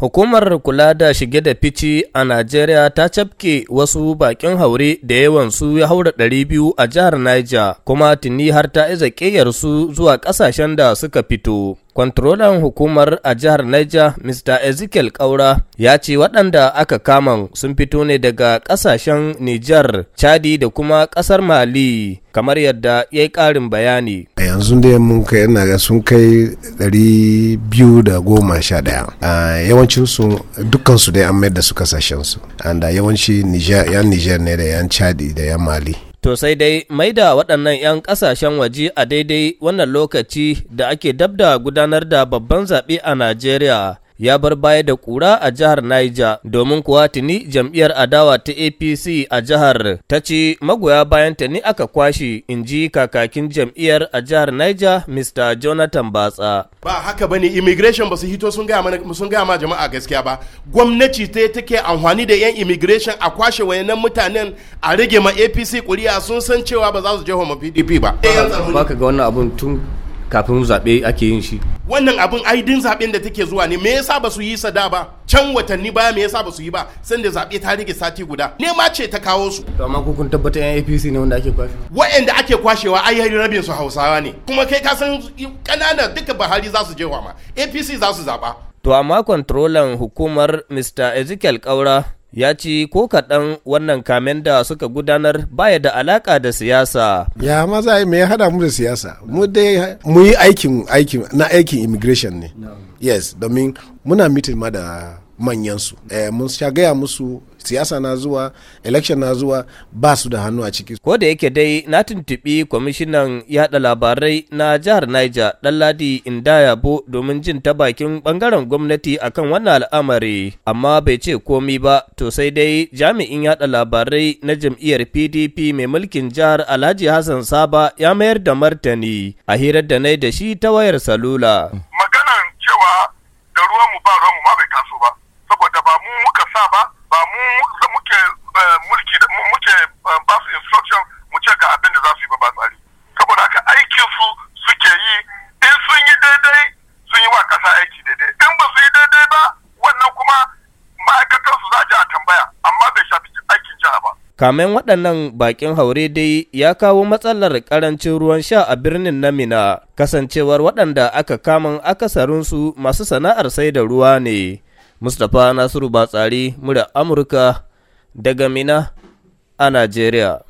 Hukumar kula da shige da fici a Najeriya ta cafke wasu bakin haure da yawan su ya haura ɗari biyu a jihar Niger kuma tuni har ta iza su zuwa ƙasashen da suka fito. Kwantrolan hukumar a jihar Niger, Mr. Ezekiel Kaura, ya ce waɗanda aka kama sun fito ne daga ƙasashen Niger, Chadi da kuma ƙasar Mali, kamar yadda ya yi ƙarin bayani. yanzu dai mun kai ina ga sun kai 211 yawancin su dukkan su dai an mayar da su kasashen su da uh, yawanci yan Niger ne da yan Chadi da yan Mali To sai dai mai da waɗannan 'yan ƙasashen waje a daidai wannan lokaci da ake da gudanar da babban zaɓe a Najeriya ya bar baya da kura a jihar Niger domin kuwa tuni jam'iyyar adawa ta APC a jihar ta ce magoya bayanta ni aka kwashe in ji kakakin jam'iyyar a jihar Niger Mr. Jonathan Batsa. Ba haka bane immigration ba hito sun gaya sun gaya ma jama'a gaskiya ba gwamnati ta take amfani da yan immigration a kwashe wayannan mutanen a rage ma APC kuri'a sun san cewa ba za su je ma PDP ba. Ba ka ga wannan abun tun kafin zaɓe ake yin shi. wannan abin aidin zaɓen da take zuwa ne me yasa ba su yi sada ba can watanni baya me yasa ba su yi ba sanda zaɓe ta rige sati guda nema ce ta kawo su to amma ku kun tabbata yan APC ne wanda ake kwashe wa'anda ake kwashewa ai rabin su Hausawa ne kuma kai ka san kanana duka Buhari za su je wa ma APC za su zaba to amma kontrolan hukumar Mr Ezekiel Kaura ya ci ko kaɗan wannan kamen da suka gudanar baya da alaƙa da siyasa. Ya maza me ya haɗa mu da siyasa, mu dai mu yi aikin aikin na aikin immigration ne. Yes, domin muna mitin ma da manyansu. Eh, mun sha gaya musu siyasa na zuwa election na zuwa ba su da hannu a ciki ko da yake dai na tuntuɓi kwamishinan yada labarai na jihar niger ɗanladi indayabo domin jin ta bakin ɓangaren gwamnati akan wannan al'amari amma bai ce komi ba to sai dai jami'in yada labarai na jam'iyyar pdp mai mulkin jihar alhaji hassan saba ya mayar da martani a hirar da na da shi ta wayar salula maganan cewa da ruwanmu ba ruwanmu ma bai Kamen waɗannan bakin haure dai ya kawo matsalar ƙarancin ruwan sha a birnin na Namina, kasancewar waɗanda aka kamun akasarinsu masu sana'ar sai da ruwa ne. Mustapha Nasiru Batsari, mura Amurka, daga Mina a Najeriya.